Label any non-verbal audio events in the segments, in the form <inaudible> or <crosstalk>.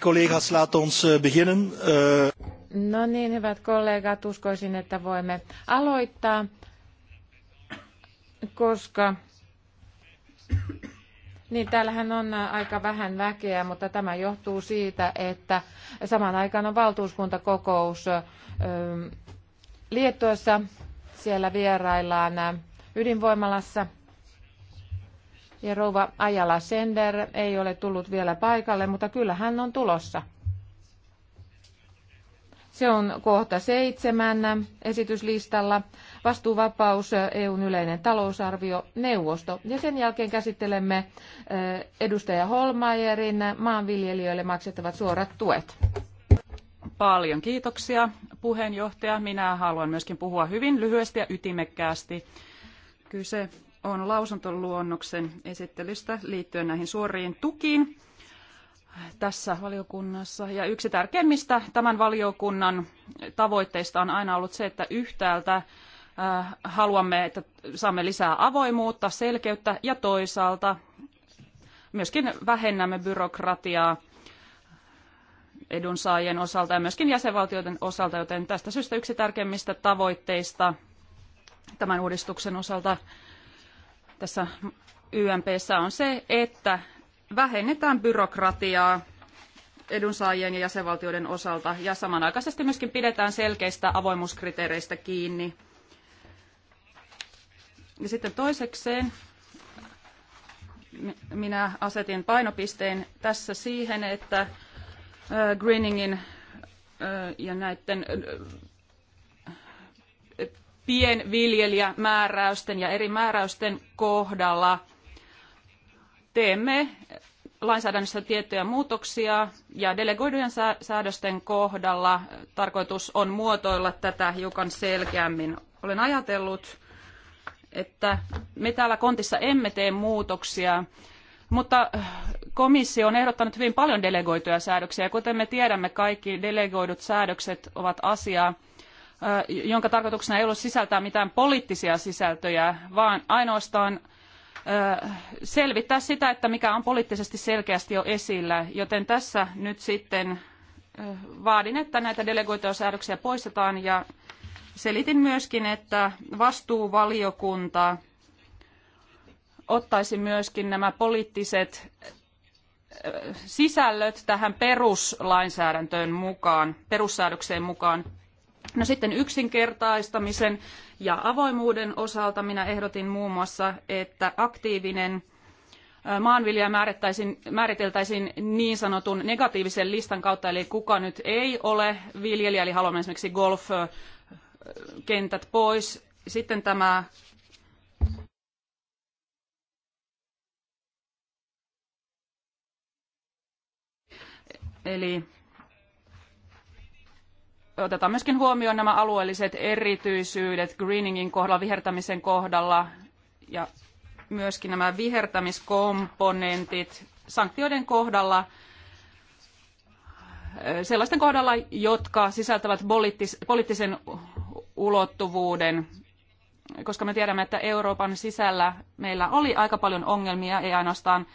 collega's, ons eh, beginnen. Eh. No niin, hyvät kollegat, uskoisin, että voimme aloittaa, koska niin, täällähän on aika vähän väkeä, mutta tämä johtuu siitä, että samaan aikaan on valtuuskuntakokous Liettuassa. Siellä vieraillaan ydinvoimalassa ja rouva Ajala Sender ei ole tullut vielä paikalle, mutta kyllä hän on tulossa. Se on kohta seitsemän esityslistalla. Vastuuvapaus, EUn yleinen talousarvio, neuvosto. Ja sen jälkeen käsittelemme eh, edustaja Holmajerin maanviljelijöille maksettavat suorat tuet. Paljon kiitoksia puheenjohtaja. Minä haluan myöskin puhua hyvin lyhyesti ja ytimekkäästi. Kyse on lausuntoluonnoksen esittelystä liittyen näihin suoriin tukiin tässä valiokunnassa. Ja yksi tärkeimmistä tämän valiokunnan tavoitteista on aina ollut se, että yhtäältä äh, haluamme, että saamme lisää avoimuutta, selkeyttä ja toisaalta myöskin vähennämme byrokratiaa edunsaajien osalta ja myöskin jäsenvaltioiden osalta, joten tästä syystä yksi tärkeimmistä tavoitteista tämän uudistuksen osalta tässä YMPssä on se, että vähennetään byrokratiaa edunsaajien ja jäsenvaltioiden osalta ja samanaikaisesti myöskin pidetään selkeistä avoimuuskriteereistä kiinni. Ja sitten toisekseen minä asetin painopisteen tässä siihen, että greeningin ja näiden pienviljelijämääräysten ja eri määräysten kohdalla teemme lainsäädännössä tiettyjä muutoksia ja delegoidujen säädösten kohdalla tarkoitus on muotoilla tätä hiukan selkeämmin. Olen ajatellut, että me täällä kontissa emme tee muutoksia, mutta komissio on ehdottanut hyvin paljon delegoituja säädöksiä. Kuten me tiedämme, kaikki delegoidut säädökset ovat asiaa, jonka tarkoituksena ei ole sisältää mitään poliittisia sisältöjä, vaan ainoastaan selvittää sitä, että mikä on poliittisesti selkeästi jo esillä. Joten tässä nyt sitten vaadin, että näitä delegoituja poistetaan ja selitin myöskin, että vastuuvaliokunta ottaisi myöskin nämä poliittiset sisällöt tähän peruslainsäädäntöön mukaan, perussäädökseen mukaan. No sitten yksinkertaistamisen ja avoimuuden osalta minä ehdotin muun muassa, että aktiivinen maanviljelijä määriteltäisiin niin sanotun negatiivisen listan kautta, eli kuka nyt ei ole viljelijä, eli haluamme esimerkiksi golfkentät pois. Sitten tämä Eli otetaan myöskin huomioon nämä alueelliset erityisyydet greeningin kohdalla, vihertämisen kohdalla ja myöskin nämä vihertämiskomponentit sanktioiden kohdalla, eh, sellaisten kohdalla, jotka sisältävät poliittisen ulottuvuuden, koska me tiedämme, että Euroopan sisällä meillä oli aika paljon ongelmia, ei ainoastaan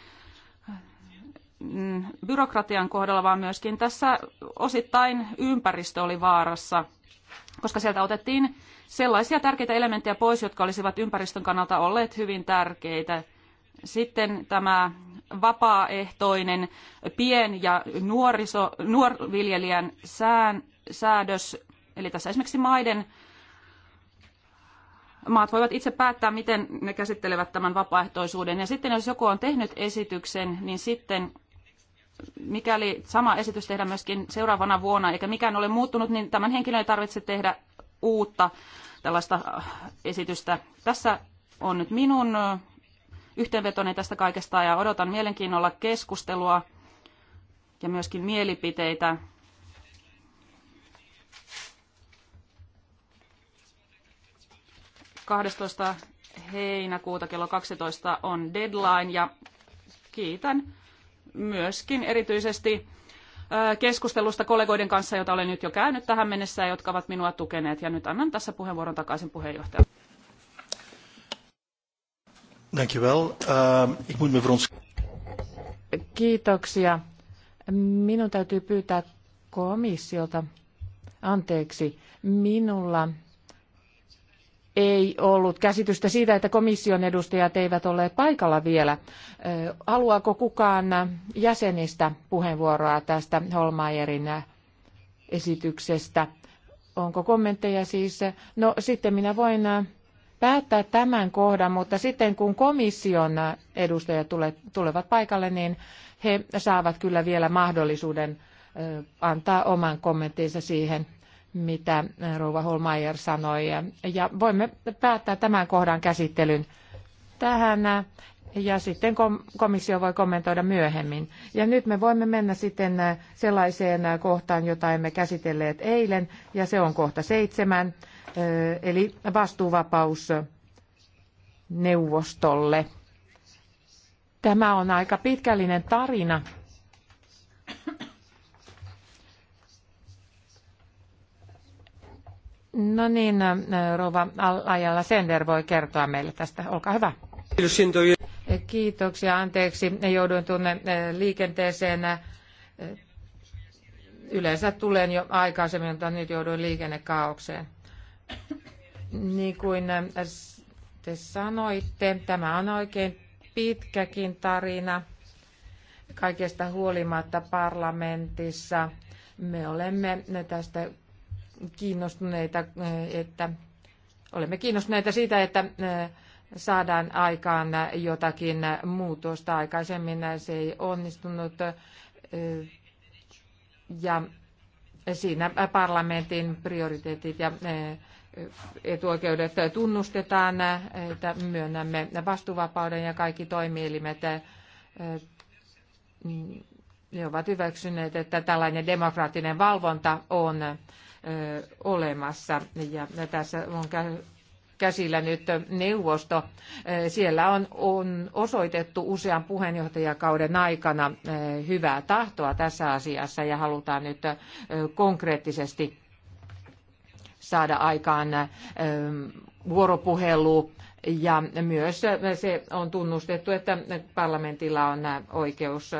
Mm, byrokratian kohdalla, vaan myöskin tässä osittain ympäristö oli vaarassa, koska sieltä otettiin sellaisia tärkeitä elementtejä pois, jotka olisivat ympäristön kannalta olleet hyvin tärkeitä. Sitten tämä vapaaehtoinen pien- ja nuoriso, nuorviljelijän sään, säädös, eli tässä esimerkiksi maiden maat voivat itse päättää, miten ne käsittelevät tämän vapaaehtoisuuden. Ja sitten jos joku on tehnyt esityksen, niin sitten mikäli sama esitys tehdään myöskin seuraavana vuonna, eikä mikään ole muuttunut, niin tämän henkilön ei tarvitse tehdä uutta tällaista äh, esitystä. Tässä on nyt minun äh, yhteenvetoni tästä kaikesta ja odotan mielenkiinnolla keskustelua ja myöskin mielipiteitä. Kahdestoista heinäkuuta kello 12 on deadline ja kiitän myöskin erityisesti keskustelusta kollegoiden kanssa, jota olen nyt jo käynyt tähän mennessä ja jotka ovat minua tukeneet. Ja nyt annan tässä puheenvuoron takaisin puheenjohtajalle. Ehm, Kiitoksia. Minun täytyy pyytää komissiolta anteeksi. Minulla ei ollut käsitystä siitä, että komission edustajat eivät olleet paikalla vielä. Haluaako kukaan jäsenistä puheenvuoroa tästä Holmaerin esityksestä? Onko kommentteja siis? No sitten minä voin päättää tämän kohdan, mutta sitten kun komission edustajat tulevat paikalle, niin he saavat kyllä vielä mahdollisuuden antaa oman kommenttinsa siihen mitä rouva Holmeier sanoi. Ja voimme päättää tämän kohdan käsittelyn tähän ja sitten komissio voi kommentoida myöhemmin. Ja nyt me voimme mennä sitten sellaiseen kohtaan, jota emme käsitelleet eilen, ja se on kohta seitsemän, eh, eli vastuuvapaus neuvostolle. Tämä on aika pitkällinen tarina No niin, äh, Rova Ajalla Sender voi kertoa meille tästä. Olkaa hyvä. Kiitoksia, anteeksi. Jouduin tuonne äh, liikenteeseen. Äh, yleensä tulen jo aikaisemmin, mutta nyt jouduin liikennekaaukseen. Niin kuin te sanoitte, tämä on oikein pitkäkin tarina. Kaikesta huolimatta parlamentissa me olemme tästä kiinnostuneita, että olemme kiinnostuneita siitä, että saadaan aikaan jotakin muutosta. Aikaisemmin se ei onnistunut ja siinä parlamentin prioriteetit ja etuoikeudet tunnustetaan, että myönnämme vastuuvapauden ja kaikki toimielimet ne ovat hyväksyneet, että tällainen demokraattinen valvonta on olemassa. Ja tässä on käsillä nyt neuvosto. Siellä on, on osoitettu usean puheenjohtajakauden aikana hyvää tahtoa tässä asiassa ja halutaan nyt konkreettisesti saada aikaan vuoropuhelu ja myös se on tunnustettu, että parlamentilla on oikeus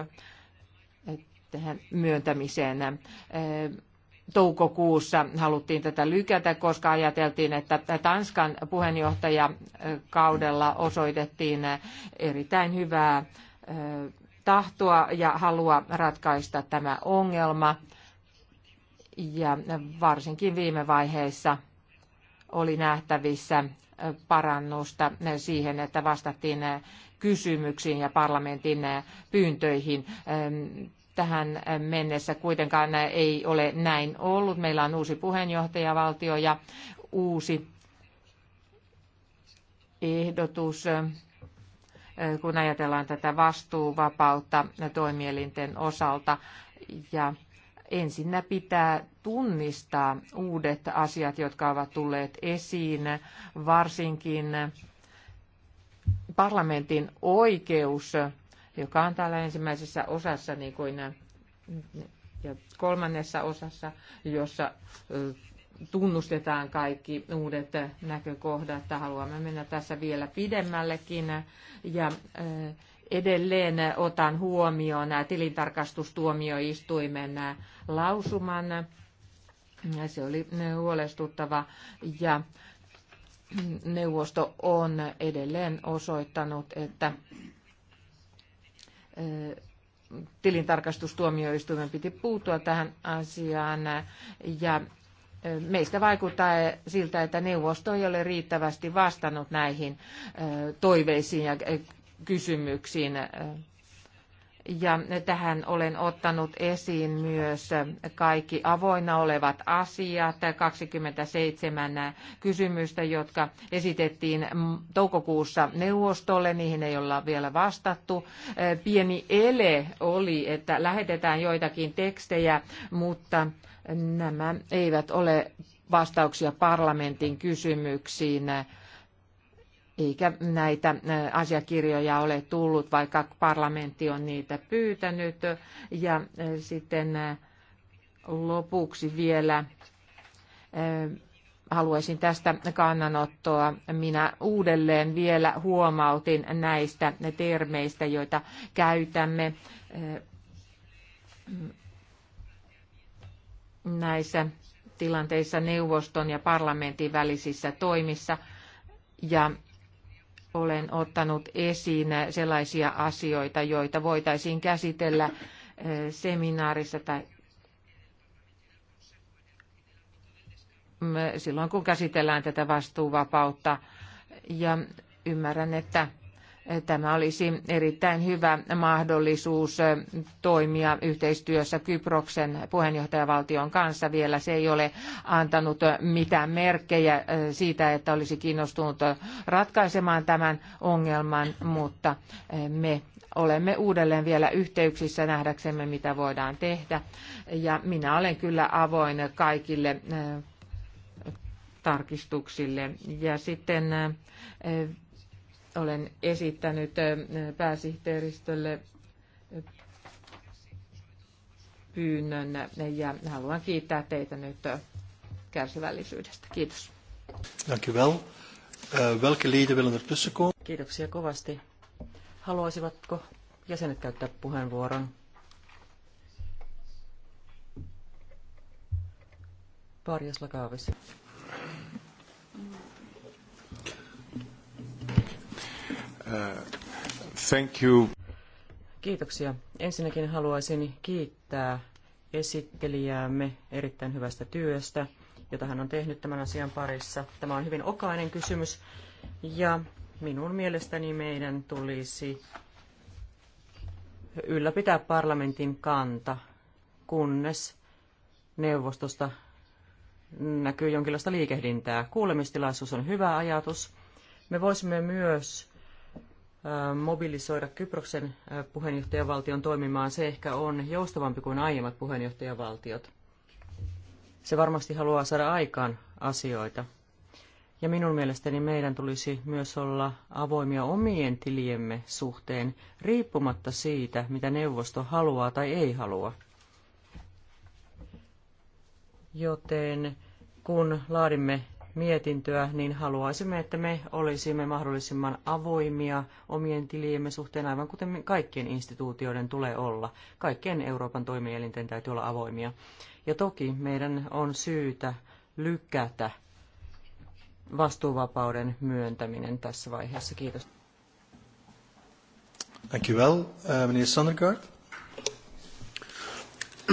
tähän myöntämiseen toukokuussa haluttiin tätä lykätä, koska ajateltiin, että Tanskan puheenjohtajakaudella osoitettiin erittäin hyvää tahtoa ja halua ratkaista tämä ongelma. Ja varsinkin viime vaiheessa oli nähtävissä parannusta siihen, että vastattiin kysymyksiin ja parlamentin pyyntöihin tähän mennessä kuitenkaan ei ole näin ollut. Meillä on uusi puheenjohtajavaltio ja uusi ehdotus, kun ajatellaan tätä vastuuvapautta toimielinten osalta. Ja ensinnä pitää tunnistaa uudet asiat, jotka ovat tulleet esiin, varsinkin parlamentin oikeus joka on täällä ensimmäisessä osassa, niin kuin ja kolmannessa osassa, jossa tunnustetaan kaikki uudet näkökohdat. Haluamme mennä tässä vielä pidemmällekin ja edelleen otan huomioon tilintarkastustuomioistuimen lausuman. Se oli huolestuttava ja neuvosto on edelleen osoittanut, että tilintarkastustuomioistuimen piti puuttua tähän asiaan ja meistä vaikuttaa siltä, että neuvosto ei ole riittävästi vastannut näihin toiveisiin ja kysymyksiin ja tähän olen ottanut esiin myös kaikki avoinna olevat asiat, 27 kysymystä, jotka esitettiin toukokuussa neuvostolle, niihin ei olla vielä vastattu. Äh, pieni ele oli, että lähetetään joitakin tekstejä, mutta nämä eivät ole vastauksia parlamentin kysymyksiin eikä näitä asiakirjoja ole tullut, vaikka parlamentti on niitä pyytänyt. Ja sitten lopuksi vielä haluaisin tästä kannanottoa. Minä uudelleen vielä huomautin näistä termeistä, joita käytämme näissä tilanteissa neuvoston ja parlamentin välisissä toimissa. Ja olen ottanut esiin sellaisia asioita, joita voitaisiin käsitellä eh, seminaarissa tai silloin, kun käsitellään tätä vastuuvapautta. Ja ymmärrän, että Tämä olisi erittäin hyvä mahdollisuus toimia yhteistyössä Kyproksen puheenjohtajavaltion kanssa. Vielä se ei ole antanut mitään merkkejä siitä, että olisi kiinnostunut ratkaisemaan tämän ongelman, mutta me olemme uudelleen vielä yhteyksissä nähdäksemme, mitä voidaan tehdä. Ja minä olen kyllä avoin kaikille tarkistuksille. Ja sitten olen esittänyt pääsihteeristölle pyynnön ja haluan kiittää teitä nyt kärsivällisyydestä. Kiitos. Eh, er Kiitoksia kovasti. Haluaisivatko jäsenet käyttää puheenvuoron? Parjas Lakaavis. Uh, thank you. Kiitoksia. Ensinnäkin haluaisin kiittää esittelijäämme erittäin hyvästä työstä, jota hän on tehnyt tämän asian parissa. Tämä on hyvin okainen kysymys ja minun mielestäni meidän tulisi ylläpitää parlamentin kanta, kunnes neuvostosta näkyy jonkinlaista liikehdintää. Kuulemistilaisuus on hyvä ajatus. Me voisimme myös mobilisoida Kyproksen puheenjohtajavaltion toimimaan. Se ehkä on joustavampi kuin aiemmat puheenjohtajavaltiot. Se varmasti haluaa saada aikaan asioita. Ja minun mielestäni meidän tulisi myös olla avoimia omien tiliemme suhteen, riippumatta siitä, mitä neuvosto haluaa tai ei halua. Joten kun laadimme mietintöä, niin haluaisimme, että me olisimme mahdollisimman avoimia omien tiliemme suhteen, aivan kuten kaikkien instituutioiden tulee olla. Kaikkien Euroopan toimielinten täytyy olla avoimia. Ja toki meidän on syytä lykätä vastuuvapauden myöntäminen tässä vaiheessa. Kiitos. Thank you well. Uh, meneer Sondergaard.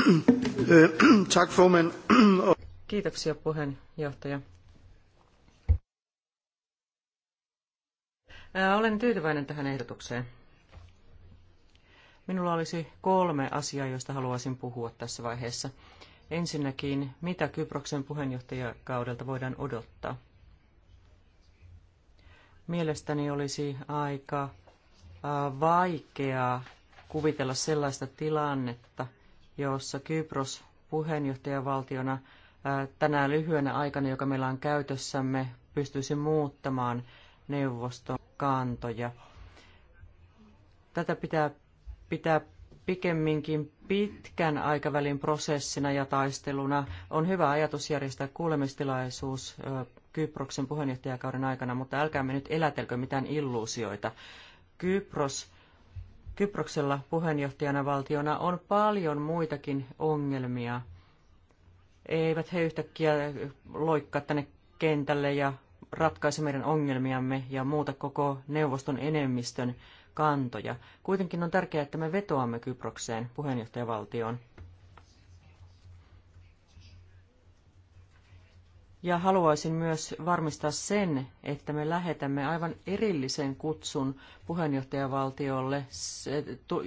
Eh, <clears throat> Kiitoksia puheenjohtaja. Olen tyytyväinen tähän ehdotukseen. Minulla olisi kolme asiaa, joista haluaisin puhua tässä vaiheessa. Ensinnäkin, mitä Kyproksen puheenjohtajakaudelta voidaan odottaa? Mielestäni olisi aika vaikeaa kuvitella sellaista tilannetta, jossa Kypros puheenjohtajavaltiona tänään lyhyenä aikana, joka meillä on käytössämme, pystyisi muuttamaan neuvoston kantoja. Tätä pitää pitää pikemminkin pitkän aikavälin prosessina ja taisteluna. On hyvä ajatus järjestää kuulemistilaisuus Kyproksen puheenjohtajakauden aikana, mutta älkäämme nyt elätelkö mitään illuusioita. Kypros, Kyproksella puheenjohtajana valtiona on paljon muitakin ongelmia. Eivät he yhtäkkiä loikkaa tänne kentälle ja ratkaisi meidän ongelmiamme ja muuta koko neuvoston enemmistön kantoja. Kuitenkin on tärkeää, että me vetoamme Kyprokseen puheenjohtajavaltioon. Ja haluaisin myös varmistaa sen, että me lähetämme aivan erillisen kutsun puheenjohtajavaltiolle,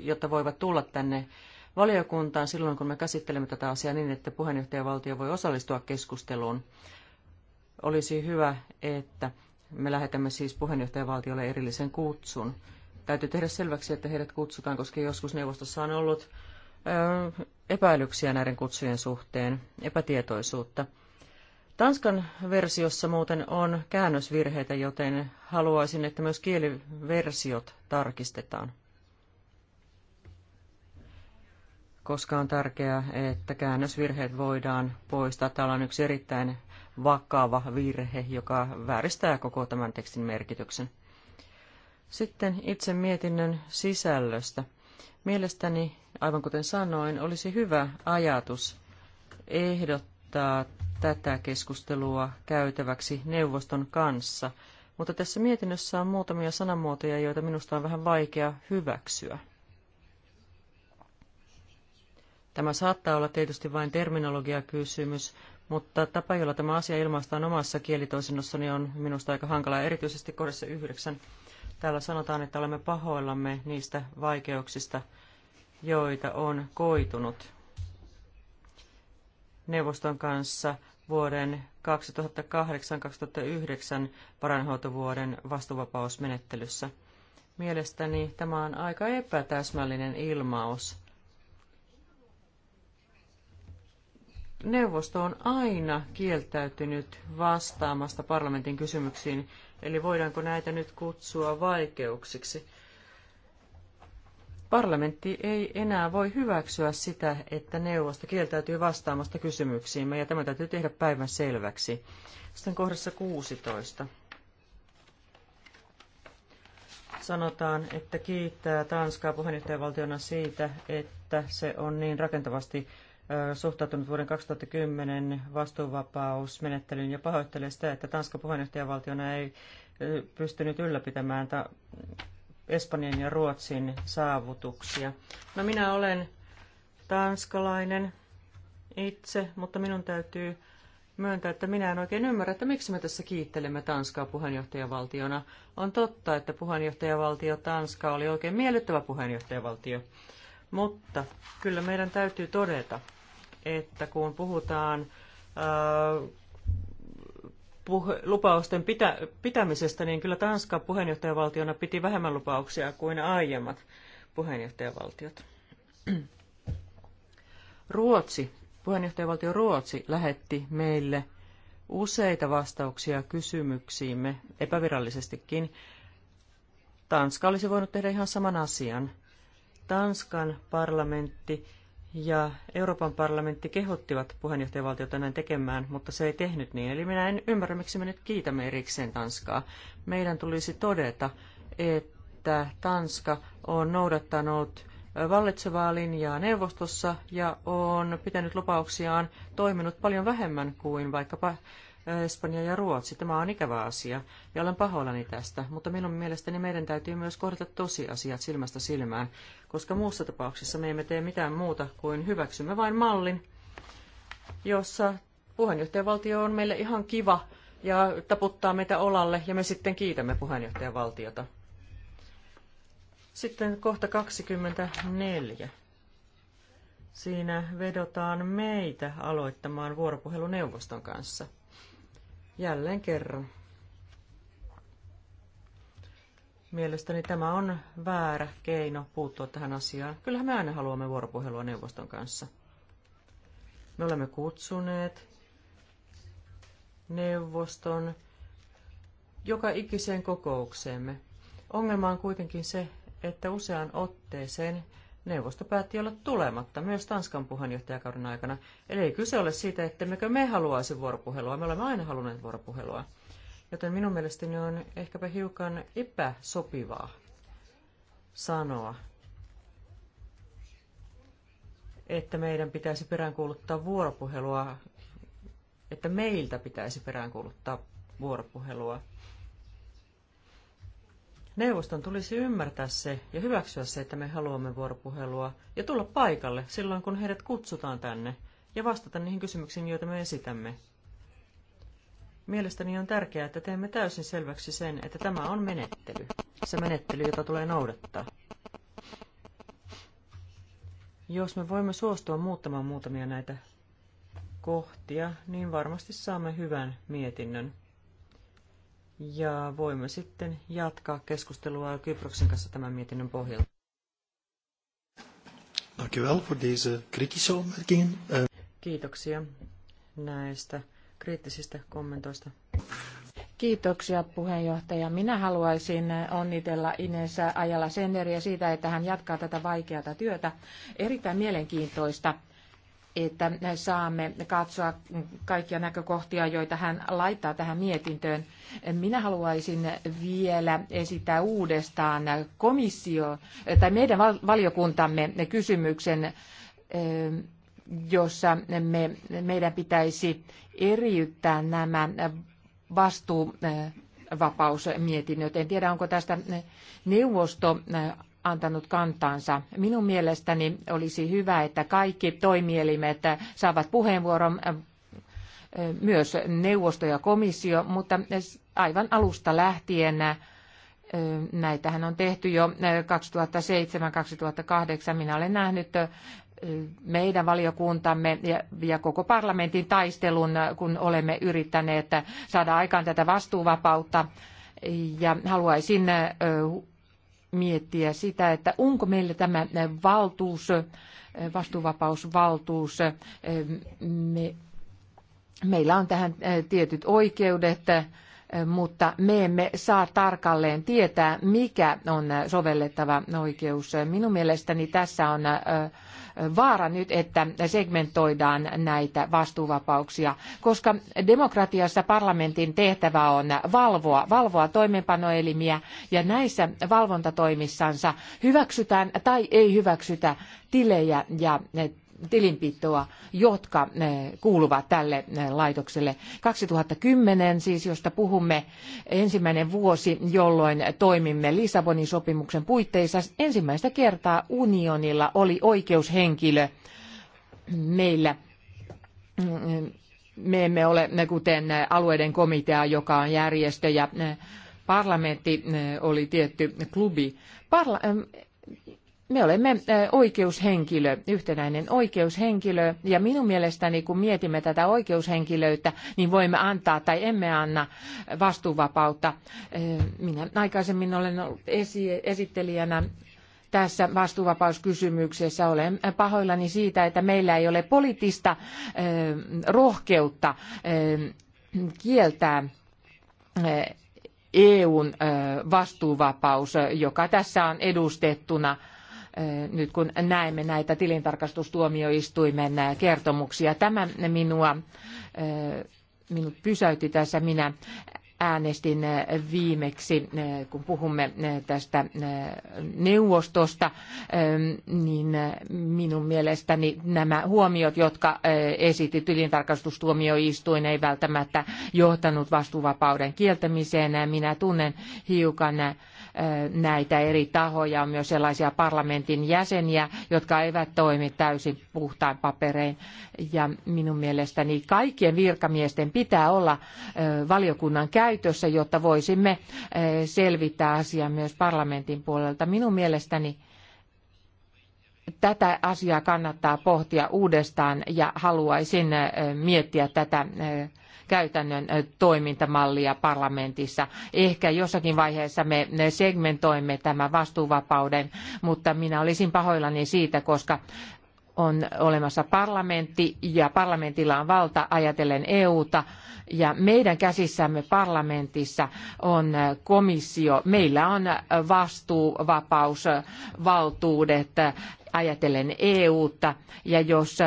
jotta voivat tulla tänne valiokuntaan silloin, kun me käsittelemme tätä asiaa niin, että puheenjohtajavaltio voi osallistua keskusteluun. Olisi hyvä, että me lähetämme siis puheenjohtajavaltiolle erillisen kutsun. Täytyy tehdä selväksi, että heidät kutsutaan, koska joskus neuvostossa on ollut epäilyksiä näiden kutsujen suhteen, epätietoisuutta. Tanskan versiossa muuten on käännösvirheitä, joten haluaisin, että myös kieliversiot tarkistetaan. Koska on tärkeää, että käännösvirheet voidaan poistaa. Täällä on yksi erittäin vakava virhe, joka vääristää koko tämän tekstin merkityksen. Sitten itse mietinnön sisällöstä. Mielestäni, aivan kuten sanoin, olisi hyvä ajatus ehdottaa tätä keskustelua käytäväksi neuvoston kanssa, mutta tässä mietinnössä on muutamia sanamuotoja, joita minusta on vähän vaikea hyväksyä. Tämä saattaa olla tietysti vain terminologiakysymys, mutta tapa, jolla tämä asia ilmaistaan omassa kielitoisinnossani on minusta aika hankala, erityisesti kohdassa yhdeksän. Täällä sanotaan, että olemme pahoillamme niistä vaikeuksista, joita on koitunut neuvoston kanssa vuoden 2008-2009 varainhoitovuoden vastuvapausmenettelyssä. Mielestäni tämä on aika epätäsmällinen ilmaus. neuvosto on aina kieltäytynyt vastaamasta parlamentin kysymyksiin, eli voidaanko näitä nyt kutsua vaikeuksiksi? Parlamentti ei enää voi hyväksyä sitä, että neuvosto kieltäytyy vastaamasta kysymyksiimme, ja tämä täytyy tehdä päivän selväksi. Sitten kohdassa 16. Sanotaan, että kiittää Tanskaa puheenjohtajavaltiona siitä, että se on niin rakentavasti suhtautunut vuoden 2010 vastuuvapausmenettelyyn ja pahoittelee sitä, että Tanska puheenjohtajavaltiona ei pystynyt ylläpitämään ta- Espanjan ja Ruotsin saavutuksia. No minä olen tanskalainen itse, mutta minun täytyy myöntää, että minä en oikein ymmärrä, että miksi me tässä kiittelemme Tanskaa puheenjohtajavaltiona. On totta, että puheenjohtajavaltio Tanska oli oikein miellyttävä puheenjohtajavaltio. Mutta kyllä meidän täytyy todeta, että kun puhutaan äh, puhe, lupausten pitä, pitämisestä, niin kyllä Tanska puheenjohtajavaltiona piti vähemmän lupauksia kuin aiemmat puheenjohtajavaltiot. Ruotsi, puheenjohtajavaltio Ruotsi lähetti meille useita vastauksia kysymyksiimme epävirallisestikin. Tanska olisi voinut tehdä ihan saman asian. Tanskan parlamentti ja Euroopan parlamentti kehottivat puheenjohtajavaltiota näin tekemään, mutta se ei tehnyt niin. Eli minä en ymmärrä, miksi me nyt kiitämme erikseen Tanskaa. Meidän tulisi todeta, että Tanska on noudattanut vallitsevaa linjaa neuvostossa ja on pitänyt lupauksiaan toiminut paljon vähemmän kuin vaikkapa Espanja ja Ruotsi. Tämä on ikävä asia ja olen pahoillani tästä, mutta minun mielestäni meidän täytyy myös kohdata tosiasiat silmästä silmään, koska muussa tapauksessa me emme tee mitään muuta kuin hyväksymme vain mallin, jossa puheenjohtajavaltio on meille ihan kiva ja taputtaa meitä olalle ja me sitten kiitämme puheenjohtajavaltiota. Sitten kohta 24. Siinä vedotaan meitä aloittamaan vuoropuhelu neuvoston kanssa. Jälleen kerran. Mielestäni tämä on väärä keino puuttua tähän asiaan. Kyllähän me aina haluamme vuoropuhelua neuvoston kanssa. Me olemme kutsuneet neuvoston joka ikiseen kokoukseemme. Ongelma on kuitenkin se, että useaan otteeseen neuvosto päätti olla tulematta myös Tanskan puheenjohtajakauden aikana. Eli ei kyse ole siitä, ettemmekö me haluaisi vuoropuhelua. Me olemme aina halunneet vuoropuhelua. Joten minun mielestäni on ehkäpä hiukan epäsopivaa sanoa, että meidän pitäisi peräänkuuluttaa vuoropuhelua, että meiltä pitäisi peräänkuuluttaa vuoropuhelua. Neuvoston tulisi ymmärtää se ja hyväksyä se, että me haluamme vuoropuhelua ja tulla paikalle silloin, kun heidät kutsutaan tänne ja vastata niihin kysymyksiin, joita me esitämme. Mielestäni on tärkeää, että teemme täysin selväksi sen, että tämä on menettely. Se menettely, jota tulee noudattaa. Jos me voimme suostua muuttamaan muutamia näitä kohtia, niin varmasti saamme hyvän mietinnön. Ja voimme sitten jatkaa keskustelua Kyproksen kanssa tämän mietinnön pohjalta. Eh, Kiitoksia näistä kriittisistä kommentoista. Kiitoksia puheenjohtaja. Minä haluaisin onnitella Ines Ajala Senderiä siitä, että hän jatkaa tätä vaikeata työtä. Erittäin mielenkiintoista että saamme katsoa kaikkia näkökohtia, joita hän laittaa tähän mietintöön. Minä haluaisin vielä esittää uudestaan komissio tai meidän valiokuntamme kysymyksen, eh, jossa me, meidän pitäisi eriyttää nämä vastuuvapausmietinnöt. En tiedä, onko tästä neuvosto antanut kantaansa. Minun mielestäni olisi hyvä, että kaikki toimielimet saavat puheenvuoron, äh, myös neuvosto ja komissio, mutta aivan alusta lähtien äh, näitähän on tehty jo 2007-2008. Äh, Minä olen nähnyt meidän valiokuntamme ja, koko parlamentin taistelun, kun olemme yrittäneet saada aikaan tätä vastuuvapautta. Ja haluaisin miettiä sitä, että onko meillä tämä valtuus, vastuuvapausvaltuus. Me, meillä on tähän tietyt oikeudet, mutta me emme saa tarkalleen tietää, mikä on sovellettava oikeus. Minun mielestäni tässä on vaara nyt, että segmentoidaan näitä vastuuvapauksia, koska demokratiassa parlamentin tehtävä on valvoa, valvoa toimeenpanoelimiä ja näissä valvontatoimissansa hyväksytään tai ei hyväksytä tilejä ja tilinpitoa, jotka eh, kuuluvat tälle eh, laitokselle. 2010 siis, josta puhumme, ensimmäinen vuosi, jolloin toimimme Lissabonin sopimuksen puitteissa, ensimmäistä kertaa unionilla oli oikeushenkilö meillä mm, me emme ole eh, kuten alueiden komitea, joka on järjestö ja parlamentti oli tietty klubi. Parla- me olemme oikeushenkilö, yhtenäinen oikeushenkilö, ja minun mielestäni kun mietimme tätä oikeushenkilöyttä, niin voimme antaa tai emme anna vastuuvapautta. Minä aikaisemmin olen ollut esi- esittelijänä tässä vastuuvapauskysymyksessä. Olen pahoillani siitä, että meillä ei ole poliittista rohkeutta kieltää EUn vastuuvapaus, joka tässä on edustettuna – nyt kun näemme näitä tilintarkastustuomioistuimen kertomuksia. Tämä minua, minut pysäytti tässä. Minä äänestin viimeksi, kun puhumme tästä neuvostosta, niin minun mielestäni nämä huomiot, jotka esitti tilintarkastustuomioistuin, ei välttämättä johtanut vastuuvapauden kieltämiseen. Minä tunnen hiukan näitä eri tahoja, on myös sellaisia parlamentin jäseniä, jotka eivät toimi täysin puhtain paperein. Ja minun mielestäni kaikkien virkamiesten pitää olla valiokunnan käytössä, jotta voisimme selvittää asiaa myös parlamentin puolelta. Minun mielestäni tätä asiaa kannattaa pohtia uudestaan ja haluaisin miettiä tätä käytännön toimintamallia parlamentissa. Ehkä jossakin vaiheessa me segmentoimme tämän vastuuvapauden, mutta minä olisin pahoillani siitä, koska on olemassa parlamentti ja parlamentilla on valta ajatellen EUta ja meidän käsissämme parlamentissa on komissio. Meillä on vastuuvapausvaltuudet ajatellen EUta ja jos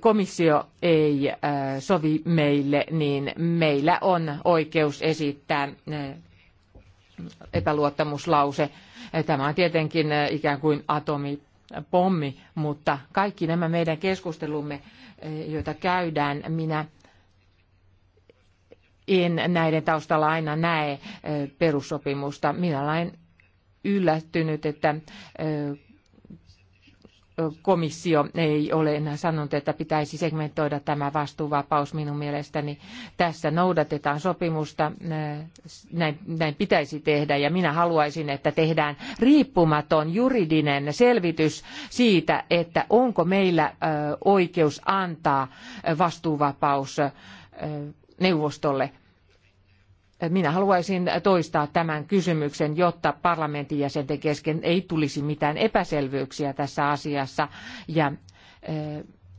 komissio ei sovi meille, niin meillä on oikeus esittää epäluottamuslause. Tämä on tietenkin ikään kuin atomipommi, mutta kaikki nämä meidän keskustelumme, joita käydään, minä en näiden taustalla aina näe perussopimusta. Minä olen yllättynyt, että komissio ei ole enää sanonut, että pitäisi segmentoida tämä vastuuvapaus. Minun mielestäni tässä noudatetaan sopimusta, näin, näin pitäisi tehdä ja minä haluaisin, että tehdään riippumaton juridinen selvitys siitä, että onko meillä oikeus antaa vastuuvapaus neuvostolle minä haluaisin toistaa tämän kysymyksen, jotta parlamentin jäsenten kesken ei tulisi mitään epäselvyyksiä tässä asiassa. Ja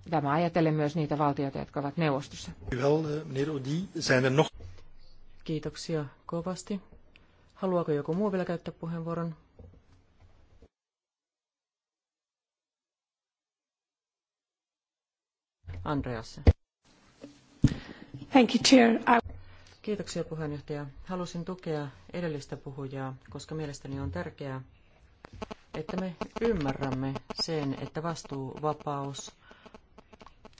tämä ajatellen myös niitä valtioita, jotka ovat neuvostossa. Eh, er Kiitoksia kovasti. Haluaako joku muu vielä käyttää puheenvuoron? Andreas. Thank you, Chair. I... Kiitoksia puheenjohtaja. Halusin tukea edellistä puhujaa, koska mielestäni on tärkeää, että me ymmärrämme sen, että vastuuvapaus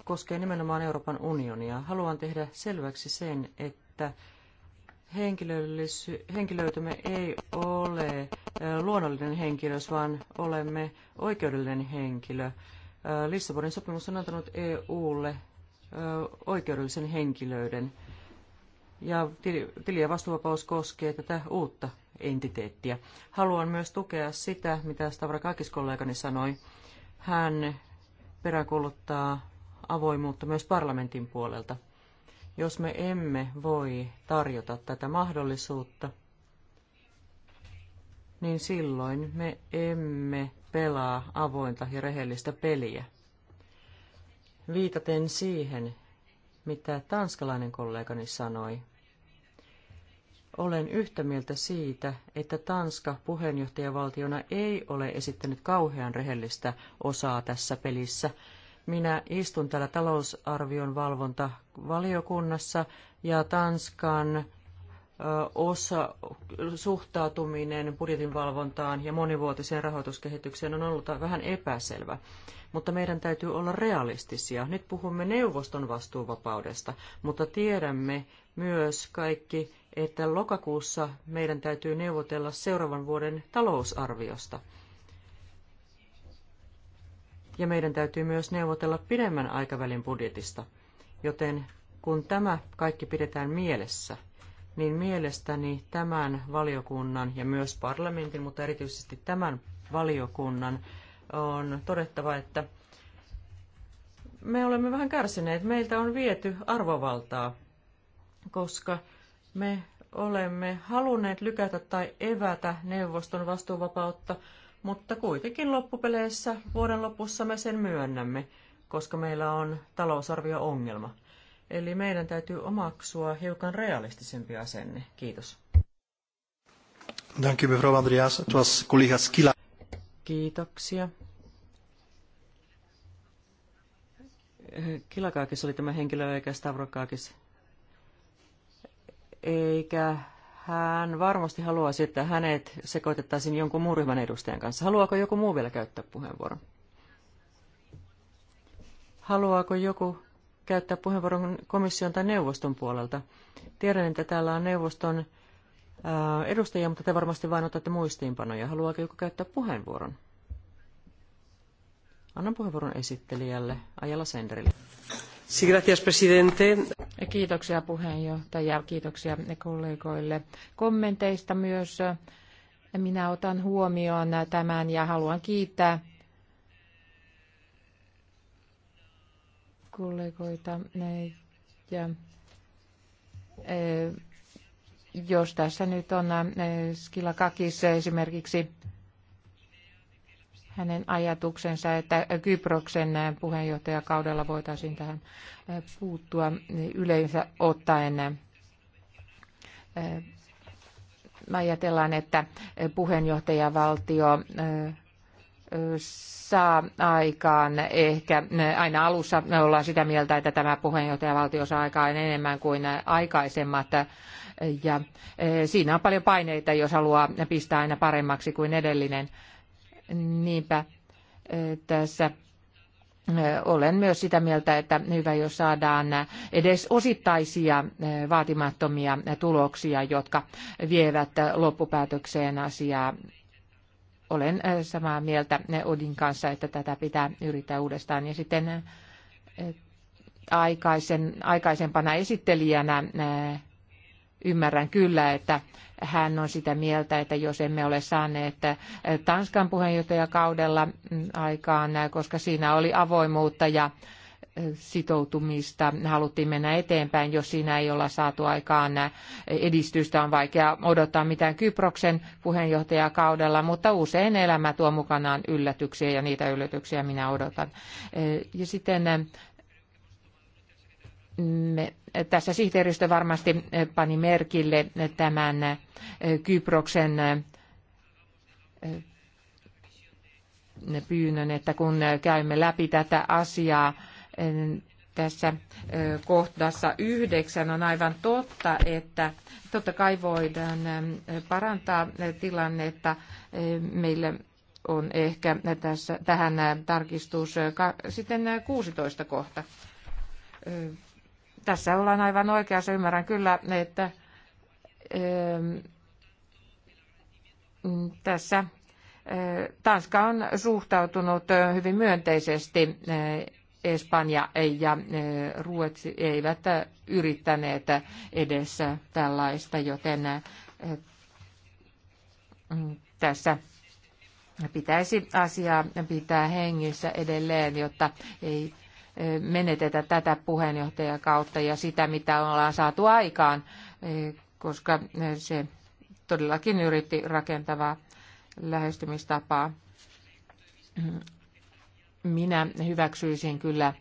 koskee nimenomaan Euroopan unionia. Haluan tehdä selväksi sen, että henkilöitymme ei ole luonnollinen henkilö, vaan olemme oikeudellinen henkilö. Lissabonin sopimus on antanut EUlle oikeudellisen henkilöiden ja tili- koskee tätä uutta entiteettiä. Haluan myös tukea sitä, mitä Stavrakakis kollegani sanoi. Hän peräkuluttaa avoimuutta myös parlamentin puolelta. Jos me emme voi tarjota tätä mahdollisuutta, niin silloin me emme pelaa avointa ja rehellistä peliä. Viitaten siihen, mitä tanskalainen kollegani sanoi. Olen yhtä mieltä siitä, että Tanska puheenjohtajavaltiona ei ole esittänyt kauhean rehellistä osaa tässä pelissä. Minä istun täällä talousarvion valvontavaliokunnassa ja Tanskan osa, suhtautuminen budjetin valvontaan ja monivuotiseen rahoituskehitykseen on ollut vähän epäselvä. Mutta meidän täytyy olla realistisia. Nyt puhumme neuvoston vastuuvapaudesta, mutta tiedämme myös kaikki että lokakuussa meidän täytyy neuvotella seuraavan vuoden talousarviosta. Ja meidän täytyy myös neuvotella pidemmän aikavälin budjetista. Joten kun tämä kaikki pidetään mielessä, niin mielestäni tämän valiokunnan ja myös parlamentin, mutta erityisesti tämän valiokunnan on todettava, että me olemme vähän kärsineet. Meiltä on viety arvovaltaa, koska me olemme halunneet lykätä tai evätä neuvoston vastuuvapautta, mutta kuitenkin loppupeleissä vuoden lopussa me sen myönnämme, koska meillä on talousarvio-ongelma. Eli meidän täytyy omaksua hiukan realistisempi asenne. Kiitos. Dank u Andreas. Skila. Kiitoksia. Kilakaakis oli tämä henkilö eikä Stavrokaakis eikä hän varmasti haluaisi, että hänet sekoitettaisiin jonkun muun ryhmän edustajan kanssa. Haluaako joku muu vielä käyttää puheenvuoron? Haluaako joku käyttää puheenvuoron komission tai neuvoston puolelta? Tiedän, että täällä on neuvoston äh, edustajia, mutta te varmasti vain otatte muistiinpanoja. Haluaako joku käyttää puheenvuoron? Annan puheenvuoron esittelijälle Ajala Senderille. Gracias, presidente. Kiitoksia puheenjohtaja, kiitoksia kollegoille kommenteista myös. Minä otan huomioon tämän ja haluan kiittää kollegoita. Ja, eh, jos tässä nyt on eh, Skilakakis esimerkiksi hänen ajatuksensa, että Kyproksen puheenjohtajakaudella voitaisiin tähän puuttua yleensä ottaen. Ajatellaan, että puheenjohtajavaltio saa aikaan ehkä aina alussa me ollaan sitä mieltä, että tämä puheenjohtajavaltio saa aikaan enemmän kuin aikaisemmat. Ja siinä on paljon paineita, jos haluaa pistää aina paremmaksi kuin edellinen Niinpä tässä olen myös sitä mieltä, että hyvä, jos saadaan edes osittaisia vaatimattomia tuloksia, jotka vievät loppupäätökseen asiaa. Olen samaa mieltä Odin kanssa, että tätä pitää yrittää uudestaan. Ja sitten aikaisen, aikaisempana esittelijänä ymmärrän kyllä, että hän on sitä mieltä, että jos emme ole saaneet äh, Tanskan puheenjohtajakaudella mm, aikaan, äh, koska siinä oli avoimuutta ja äh, sitoutumista, haluttiin mennä eteenpäin, jos siinä ei olla saatu aikaan edistystä, on vaikea odottaa mitään Kyproksen puheenjohtajakaudella, mutta usein elämä tuo mukanaan yllätyksiä ja niitä yllätyksiä minä odotan. Ja sitten me, tässä sihteeristö varmasti pani merkille tämän Kyproksen pyynnön, että kun käymme läpi tätä asiaa tässä kohdassa yhdeksän, on aivan totta, että totta kai voidaan parantaa tilannetta. Meillä on ehkä tässä, tähän tarkistus sitten 16 kohta tässä ollaan aivan oikeassa. Ymmärrän kyllä, että ähm, tässä äh, Tanska on suhtautunut äh, hyvin myönteisesti. Äh, Espanja ja Ruotsi eivät yrittäneet edessä tällaista, joten tässä pitäisi asiaa pitää hengissä edelleen, jotta ei menetetä tätä puheenjohtajakautta ja sitä, mitä ollaan saatu aikaan, koska se todellakin yritti rakentavaa lähestymistapaa. Minä hyväksyisin kyllä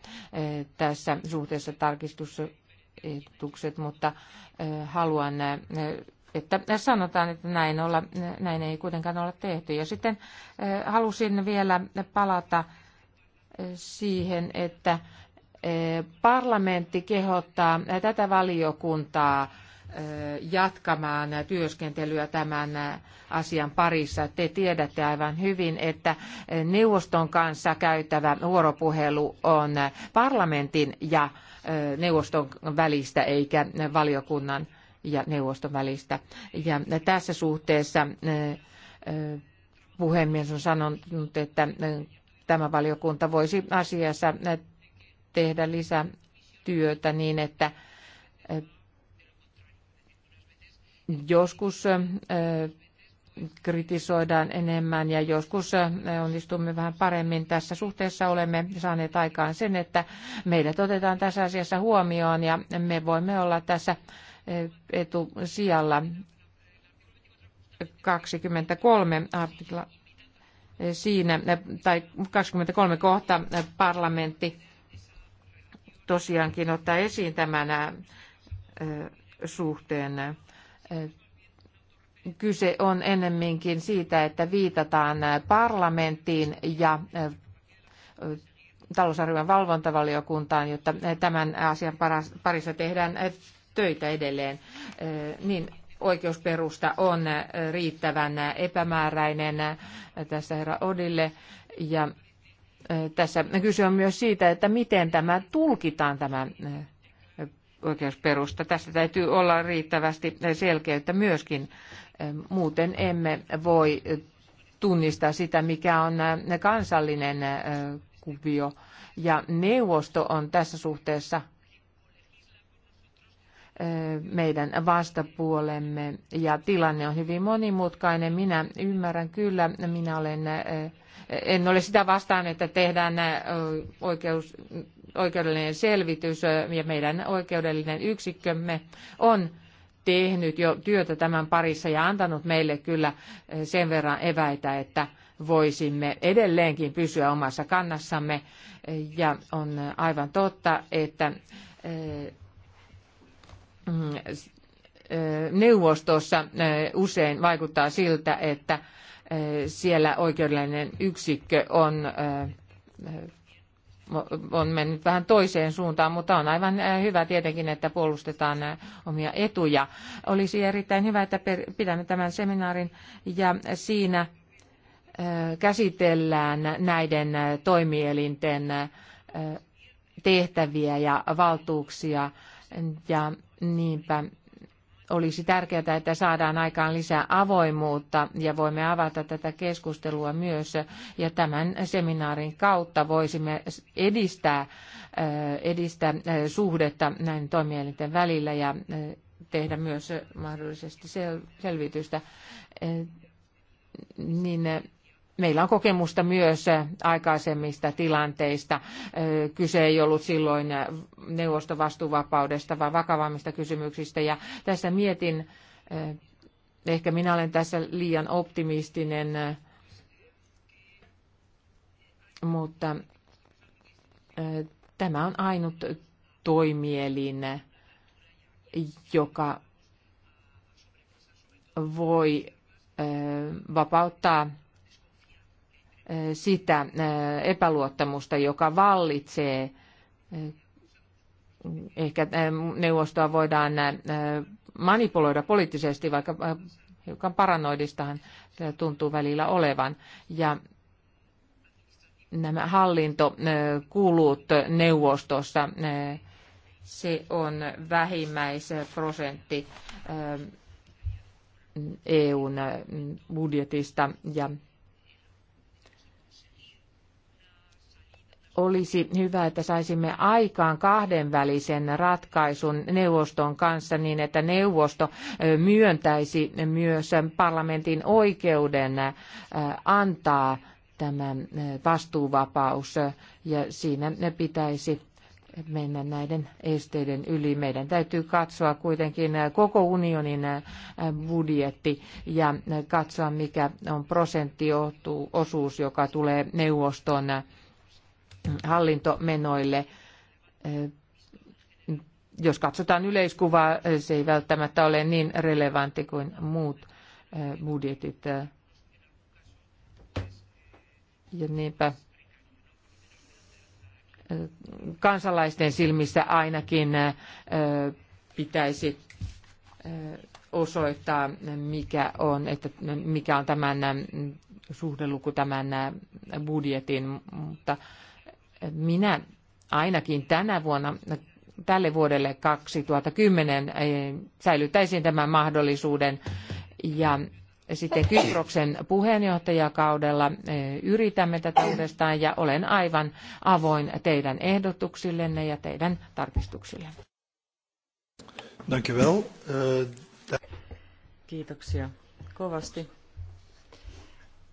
tässä suhteessa tarkistusehdotukset, mutta haluan, että sanotaan, että näin, olla, näin ei kuitenkaan olla tehty. Ja sitten halusin vielä palata siihen, että e, parlamentti kehottaa tätä valiokuntaa e, jatkamaan työskentelyä tämän asian parissa. Te tiedätte aivan hyvin, että neuvoston kanssa käytävä vuoropuhelu on parlamentin ja e, neuvoston välistä eikä valiokunnan ja neuvoston välistä. Ja tässä suhteessa puhemies on sanonut, että tämä valiokunta voisi asiassa tehdä lisätyötä niin, että joskus kritisoidaan enemmän ja joskus onnistumme vähän paremmin. Tässä suhteessa olemme saaneet aikaan sen, että meidät otetaan tässä asiassa huomioon ja me voimme olla tässä etusijalla 23 artikla Siinä, tai 23 kohta parlamentti tosiaankin ottaa esiin tämän suhteen. Kyse on ennemminkin siitä, että viitataan parlamenttiin ja talousarvion valvontavaliokuntaan, jotta tämän asian parissa tehdään töitä edelleen. Niin oikeusperusta on äh, riittävän äh, epämääräinen äh, tässä herra Odille. Ja tässä kyse on myös siitä, että miten tämä tulkitaan tämä oikeusperusta. Tässä täytyy olla riittävästi selkeyttä myöskin. Muuten emme voi tunnistaa sitä, mikä on kansallinen kuvio. Ja neuvosto on tässä suhteessa meidän vastapuolemme ja tilanne on hyvin monimutkainen. Minä ymmärrän kyllä, minä olen, en ole sitä vastaan, että tehdään oikeus, oikeudellinen selvitys ja meidän oikeudellinen yksikkömme on tehnyt jo työtä tämän parissa ja antanut meille kyllä sen verran eväitä, että voisimme edelleenkin pysyä omassa kannassamme. Ja on aivan totta, että Mm, neuvostossa usein vaikuttaa siltä, että siellä oikeudellinen yksikkö on, on mennyt vähän toiseen suuntaan, mutta on aivan hyvä tietenkin, että puolustetaan omia etuja. Olisi erittäin hyvä, että pidämme tämän seminaarin ja siinä käsitellään näiden toimielinten tehtäviä ja valtuuksia ja niinpä olisi tärkeää, että saadaan aikaan lisää avoimuutta ja voimme avata tätä keskustelua myös. Ja tämän seminaarin kautta voisimme edistää, äh, edistää äh, suhdetta näin toimielinten välillä ja äh, tehdä myös mahdollisesti selvitystä. Niin Meillä on kokemusta myös äh, aikaisemmista tilanteista. Äh, kyse ei ollut silloin äh, neuvostovastuuvapaudesta, vaan vakavammista kysymyksistä. Ja tässä mietin, ehkä minä olen tässä liian optimistinen, mutta tämä on ainut toimielin, joka voi vapauttaa sitä epäluottamusta, joka vallitsee. Ehkä neuvostoa voidaan manipuloida poliittisesti, vaikka hiukan paranoidistahan tuntuu välillä olevan. Ja nämä hallintokulut neuvostossa, se on vähimmäisprosentti EUn budjetista ja olisi hyvä, että saisimme aikaan kahdenvälisen ratkaisun neuvoston kanssa niin, että neuvosto myöntäisi myös parlamentin oikeuden antaa tämä vastuuvapaus ja siinä ne pitäisi mennä näiden esteiden yli. Meidän täytyy katsoa kuitenkin koko unionin budjetti ja katsoa, mikä on prosenttiosuus, joka tulee neuvoston hallintomenoille. Jos katsotaan yleiskuvaa, se ei välttämättä ole niin relevantti kuin muut eh, budjetit. Ja niinpä eh, kansalaisten silmissä ainakin eh, pitäisi osoittaa, mikä on, että mikä on tämän mm, suhdeluku tämän budjetin, mutta minä ainakin tänä vuonna, tälle vuodelle 2010 eh, säilyttäisin tämän mahdollisuuden ja sitten Kyproksen puheenjohtajakaudella eh, yritämme tätä uudestaan ja olen aivan avoin teidän ehdotuksillenne ja teidän tarkistuksille. Eh, Kiitoksia kovasti.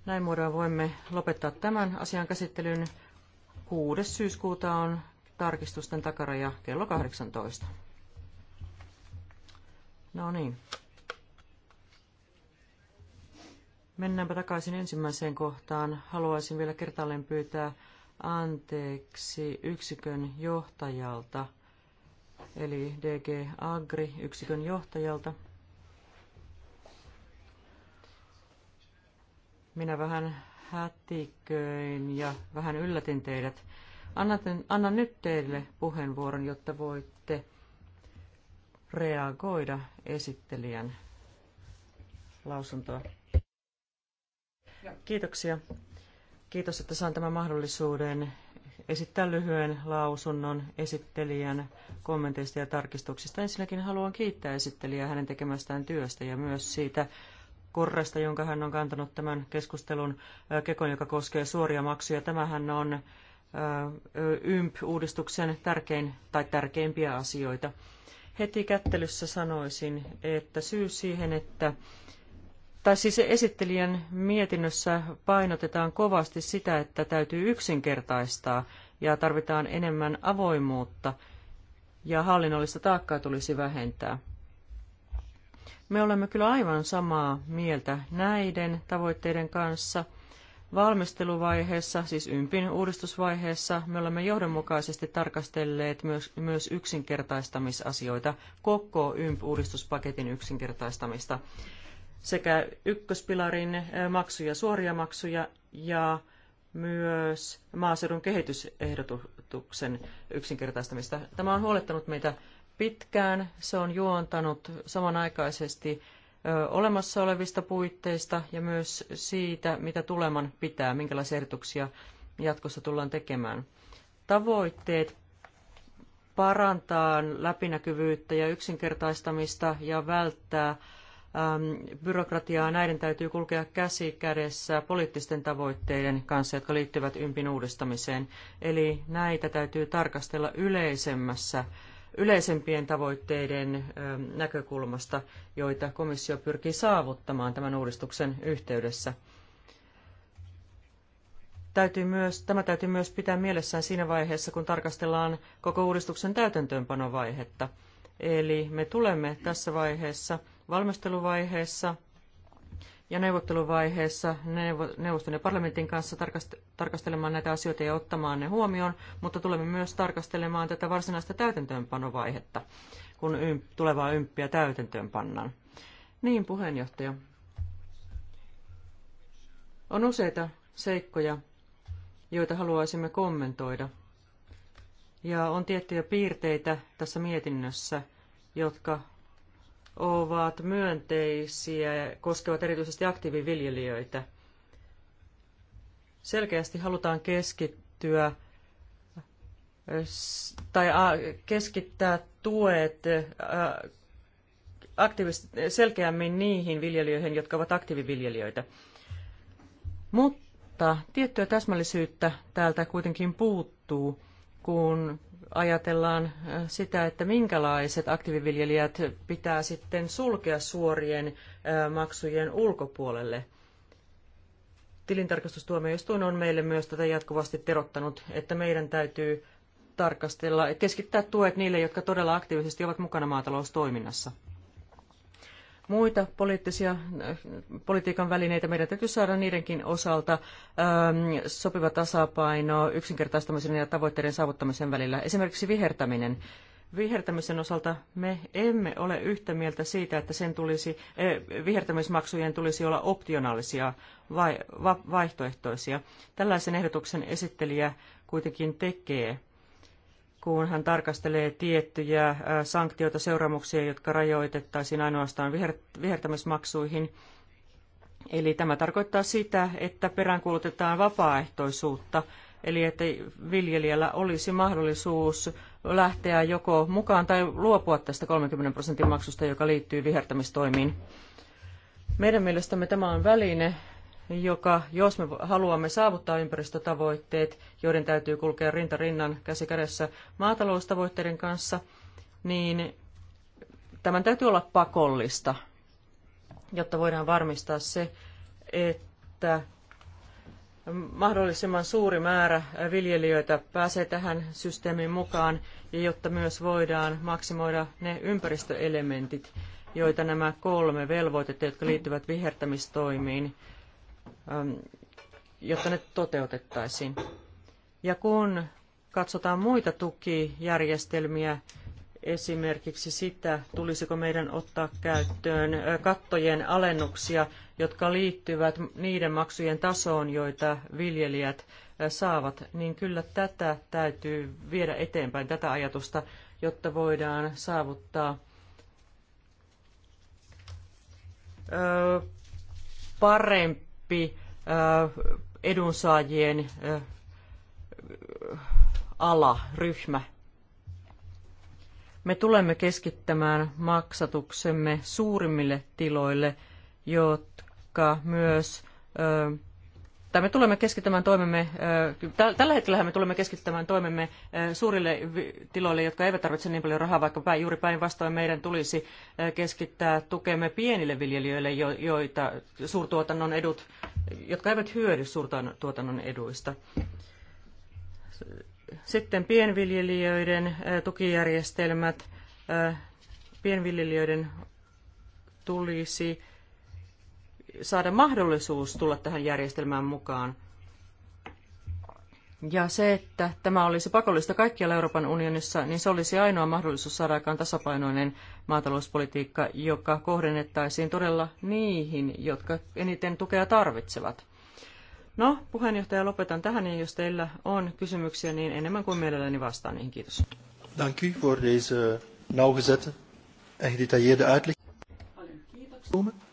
Näin muodoin voimme lopettaa tämän asian käsittelyn. 6. syyskuuta on tarkistusten takaraja kello 18. No niin. Mennäänpä takaisin ensimmäiseen kohtaan. Haluaisin vielä kertaalleen pyytää anteeksi yksikön johtajalta, eli DG Agri yksikön johtajalta. Minä vähän hätiköin ja vähän yllätin teidät. Annan, annan nyt teille puheenvuoron, jotta voitte reagoida esittelijän lausuntoa. Kiitoksia. Kiitos, että saan tämän mahdollisuuden esittää lyhyen lausunnon esittelijän kommenteista ja tarkistuksista. Ensinnäkin haluan kiittää esittelijää hänen tekemästään työstä ja myös siitä korresta, jonka hän on kantanut tämän keskustelun kekon, joka koskee suoria maksuja. Tämähän on YMP-uudistuksen tärkein tai tärkeimpiä asioita. Heti kättelyssä sanoisin, että syy siihen, että tai siis esittelijän mietinnössä painotetaan kovasti sitä, että täytyy yksinkertaistaa ja tarvitaan enemmän avoimuutta ja hallinnollista taakkaa tulisi vähentää. Me olemme kyllä aivan samaa mieltä näiden tavoitteiden kanssa. Valmisteluvaiheessa, siis ympin uudistusvaiheessa, me olemme johdonmukaisesti tarkastelleet myös, myös yksinkertaistamisasioita, koko YMP-uudistuspaketin yksinkertaistamista, sekä ykköspilarin eh, maksuja, suoria maksuja ja myös maaseudun kehitysehdotuksen yksinkertaistamista. Tämä on huolettanut meitä pitkään. Se on juontanut samanaikaisesti olemassa olevista puitteista ja myös siitä, mitä tuleman pitää, minkälaisia ehdotuksia jatkossa tullaan tekemään. Tavoitteet parantaa läpinäkyvyyttä ja yksinkertaistamista ja välttää byrokratiaa. Näiden täytyy kulkea käsi kädessä poliittisten tavoitteiden kanssa, jotka liittyvät ympin uudistamiseen. Eli näitä täytyy tarkastella yleisemmässä yleisempien tavoitteiden näkökulmasta, joita komissio pyrkii saavuttamaan tämän uudistuksen yhteydessä. Täytyy myös, tämä täytyy myös pitää mielessään siinä vaiheessa, kun tarkastellaan koko uudistuksen täytäntöönpanovaihetta. Eli me tulemme tässä vaiheessa, valmisteluvaiheessa, ja neuvotteluvaiheessa neuvoston ja parlamentin kanssa tarkastelemaan näitä asioita ja ottamaan ne huomioon, mutta tulemme myös tarkastelemaan tätä varsinaista täytäntöönpanovaihetta, kun tulevaa ymppiä pannaan. Niin, puheenjohtaja. On useita seikkoja, joita haluaisimme kommentoida. Ja on tiettyjä piirteitä tässä mietinnössä, jotka ovat myönteisiä, koskevat erityisesti aktiiviviljelijöitä. Selkeästi halutaan keskittyä tai keskittää tuet selkeämmin niihin viljelijöihin, jotka ovat aktiiviviljelijöitä. Mutta tiettyä täsmällisyyttä täältä kuitenkin puuttuu, kun ajatellaan äh, sitä, että minkälaiset aktiiviviljelijät pitää sitten sulkea suorien äh, maksujen ulkopuolelle. Tilintarkastustuomioistuin on meille myös tätä jatkuvasti terottanut, että meidän täytyy tarkastella, keskittää tuet niille, jotka todella aktiivisesti ovat mukana maataloustoiminnassa muita poliittisia politiikan välineitä. Meidän täytyy saada niidenkin osalta ähm, sopiva tasapaino yksinkertaistamisen ja tavoitteiden saavuttamisen välillä. Esimerkiksi vihertäminen. Vihertämisen osalta me emme ole yhtä mieltä siitä, että sen tulisi, eh, vihertämismaksujen tulisi olla optionaalisia vai va, vaihtoehtoisia. Tällaisen ehdotuksen esittelijä kuitenkin tekee kun hän tarkastelee tiettyjä sanktioita, seuraamuksia, jotka rajoitettaisiin ainoastaan vihertämismaksuihin. Eli tämä tarkoittaa sitä, että peräänkuulutetaan vapaaehtoisuutta, eli että viljelijällä olisi mahdollisuus lähteä joko mukaan tai luopua tästä 30 prosentin maksusta, joka liittyy vihertämistoimiin. Meidän mielestämme tämä on väline, joka, jos me haluamme saavuttaa ympäristötavoitteet, joiden täytyy kulkea rinta rinnan käsi kädessä maataloustavoitteiden kanssa, niin tämän täytyy olla pakollista, jotta voidaan varmistaa se, että mahdollisimman suuri määrä viljelijöitä pääsee tähän systeemiin mukaan ja jotta myös voidaan maksimoida ne ympäristöelementit, joita nämä kolme velvoitetta, jotka liittyvät vihertämistoimiin, Ähm, jotta ne toteutettaisiin. Ja kun katsotaan muita tukijärjestelmiä, esimerkiksi sitä, tulisiko meidän ottaa käyttöön kattojen alennuksia, jotka liittyvät niiden maksujen tasoon, joita viljelijät saavat, niin kyllä tätä täytyy viedä eteenpäin, tätä ajatusta, jotta voidaan saavuttaa parempi tyyppi edunsaajien ala, ryhmä. Me tulemme keskittämään maksatuksemme suurimmille tiloille, jotka myös että me tulemme keskittämään toimemme, tällä hetkellä me tulemme keskittämään toimemme suurille tiloille, jotka eivät tarvitse niin paljon rahaa, vaikka juuri päinvastoin meidän tulisi keskittää tukemme pienille viljelijöille, joita suurtuotannon edut, jotka eivät hyödy suurtuotannon eduista. Sitten pienviljelijöiden tukijärjestelmät. Pienviljelijöiden tulisi saada mahdollisuus tulla tähän järjestelmään mukaan. Ja se, että tämä olisi pakollista kaikkialla Euroopan unionissa, niin se olisi ainoa mahdollisuus saada aikaan tasapainoinen maatalouspolitiikka, joka kohdennettaisiin todella niihin, jotka eniten tukea tarvitsevat. No, puheenjohtaja, lopetan tähän, ja jos teillä on kysymyksiä, niin enemmän kuin mielelläni vastaan niihin. Kiitos. Dank u voor deze nauwgezette Paljon kiitoksia.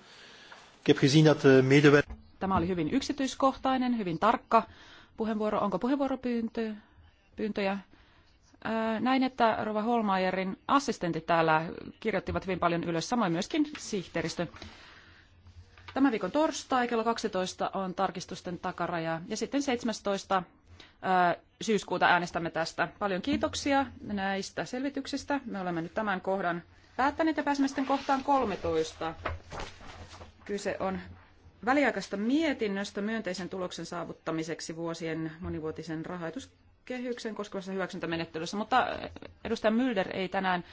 Tämä oli hyvin yksityiskohtainen, hyvin tarkka puheenvuoro. Onko puheenvuoropyyntöjä? Pyyntöjä? Näin, että Rova Holmajerin assistentit täällä kirjoittivat hyvin paljon ylös, samoin myöskin sihteeristö. Tämän viikon torstai kello 12 on tarkistusten takaraja ja sitten 17 syyskuuta äänestämme tästä. Paljon kiitoksia näistä selvityksistä. Me olemme nyt tämän kohdan päättäneet ja pääsemme sitten kohtaan 13. Kyse on väliaikaista mietinnöstä myönteisen tuloksen saavuttamiseksi vuosien monivuotisen rahoituskehyksen koskevassa hyväksyntämenettelyssä, mutta edustaja Mylder ei tänään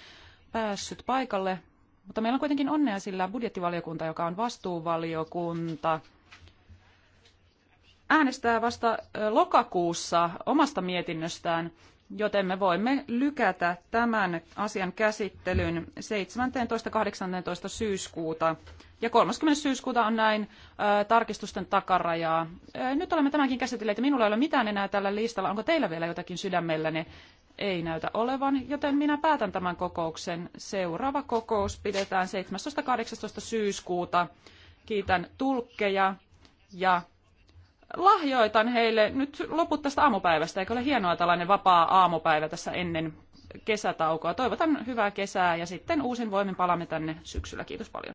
päässyt paikalle. Mutta meillä on kuitenkin onnea sillä budjettivaliokunta, joka on vastuuvaliokunta, äänestää vasta lokakuussa omasta mietinnöstään, joten me voimme lykätä tämän asian käsittelyn 17.–18. syyskuuta ja 30. syyskuuta on näin ö, tarkistusten takarajaa. Ö, nyt olemme tämänkin käsitelleet että minulla ei ole mitään enää tällä listalla. Onko teillä vielä jotakin sydämellänne? Ei näytä olevan, joten minä päätän tämän kokouksen. Seuraava kokous pidetään 17.–18. syyskuuta. Kiitän tulkkeja ja lahjoitan heille nyt loput tästä aamupäivästä. Eikö ole hienoa tällainen vapaa aamupäivä tässä ennen kesätaukoa. Toivotan hyvää kesää ja sitten uusin voimin palaamme tänne syksyllä. Kiitos paljon.